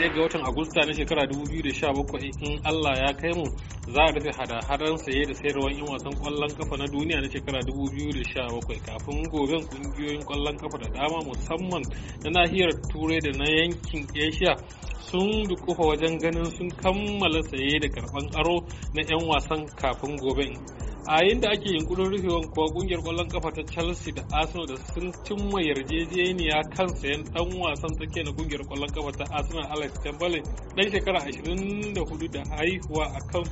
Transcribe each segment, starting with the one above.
31 ga watan Agusta na shekara 2017 in Allah ya kai mu za a rufe hada-hadar saye da sayarwar yin wasan kwallon kafa na duniya na shekara 2017 kafin gobe kungiyoyin kwallon kafa da dama musamman na nahiyar turai da na yankin asia sun dukufa wajen ganin sun kammala saye da karban aro na 'yan wasan kafin gobe. a yayin da ake yunkurin rufewan kuwa kungiyar kwallon kafa ta chelsea da arsenal da sun cimma yarjejeniya kan sayan dan wasan ta na kungiyar kwallon kafa ta arsenal alex chamberlain dan shekara 24 da haihuwa a kan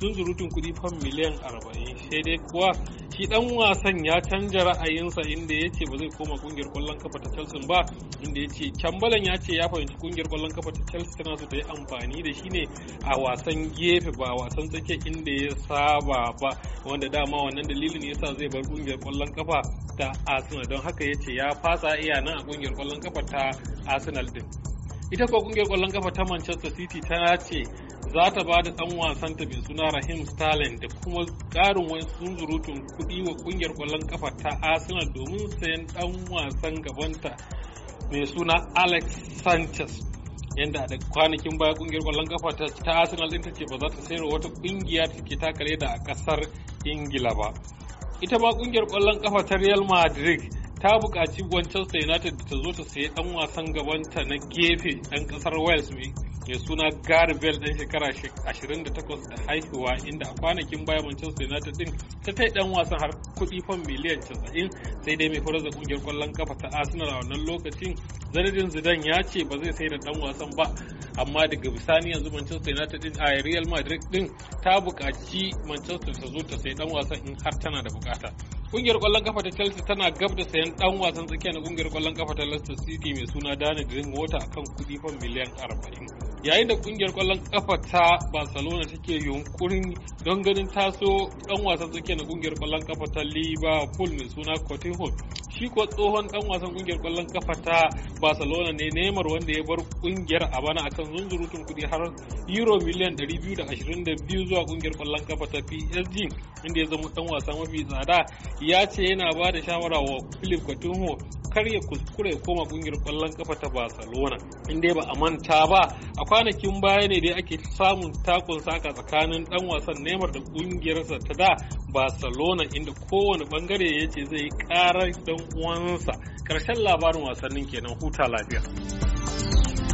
zunzurutun kudi fam miliyan 40 sai dai kuwa shi dan wasan ya canja ra'ayinsa inda ya ce ba zai koma kungiyar kwallon kafa ta Chelsea ba inda ya ce Chamberlain ya ce ya fahimci kungiyar kwallon kafa ta Chelsea tana so ta yi amfani da shi ne a wasan gefe ba wasan tsakiyar inda ya saba ba wanda dama wannan dalilin yasa zai bar kungiyar kwallon kafa ta Arsenal don haka ya ce ya fasa iya nan a kungiyar kwallon kafa ta Arsenal din ita ko kungiyar kwallon kafa ta Manchester City ta ce za ta ba da ɗan wasan ta mai suna Rahim stalin da kuma ƙarin wani sunzurutun kuɗi wa ƙungiyar kwallon kafa ta Arsenal domin sayan ɗan wasan gabanta mai suna Alex Sanchez yadda da kwanakin baya kungiyar kwallon kafa ta arsenal ɗin ta ce ba za ta sayar wata kungiya ta ke takare da a ƙasar ingila ba ita ma kungiyar kwallon kafa ta real madrid ta buƙaci Manchester United ta zo ta sayi ɗan wasan gabanta na gefe ɗan ƙasar Wales mai suna Gareth Bale ɗan shekara 28 da haihuwa inda a kwanakin baya Manchester United din ta tai ɗan wasan har kuɗi fan miliyan 90 sai dai mai horar da ƙungiyar ƙwallon kafa ta Arsenal a wannan lokacin zanadin Zidane ya ce ba zai sayar da ɗan wasan ba amma daga bisani yanzu Manchester United din a Real Madrid din ta buƙaci Manchester ta zo ta sayi ɗan wasan in har tana da buƙata. Kungiyar kwallon kafa ta Chelsea tana gab da sayan dan wasan tsakiya na kungiyar kwallon kafa ta Leicester City mai suna Danny mota akan kudi fan miliyan 40. Yayin da kungiyar kwallon kafa ta Barcelona take yunkurin don ganin taso dan wasan tsakiya na kungiyar kwallon kafa ta Liverpool mai suna Coutinho shi ko tsohon dan wasan kungiyar kwallon kafa ta barcelona ne neymar wanda ya bar kungiyar a bana akan zunzurutun kudi har euro miliyan 222 zuwa kungiyar kwallon kafa ta psg inda ya zama dan wasa mafi tsada ya ce yana ba da shawara wa philip coutinho kar ya kuskure ya koma kungiyar kwallon kafa ta Barcelona in dai ba a manta ba a kwanakin baya ne dai ake samun takun saka tsakanin dan wasan Neymar da kungiyarsa ta da Barcelona inda kowane bangare ya ce zai karar dan uwansa karshen labarin wasannin kenan huta lafiya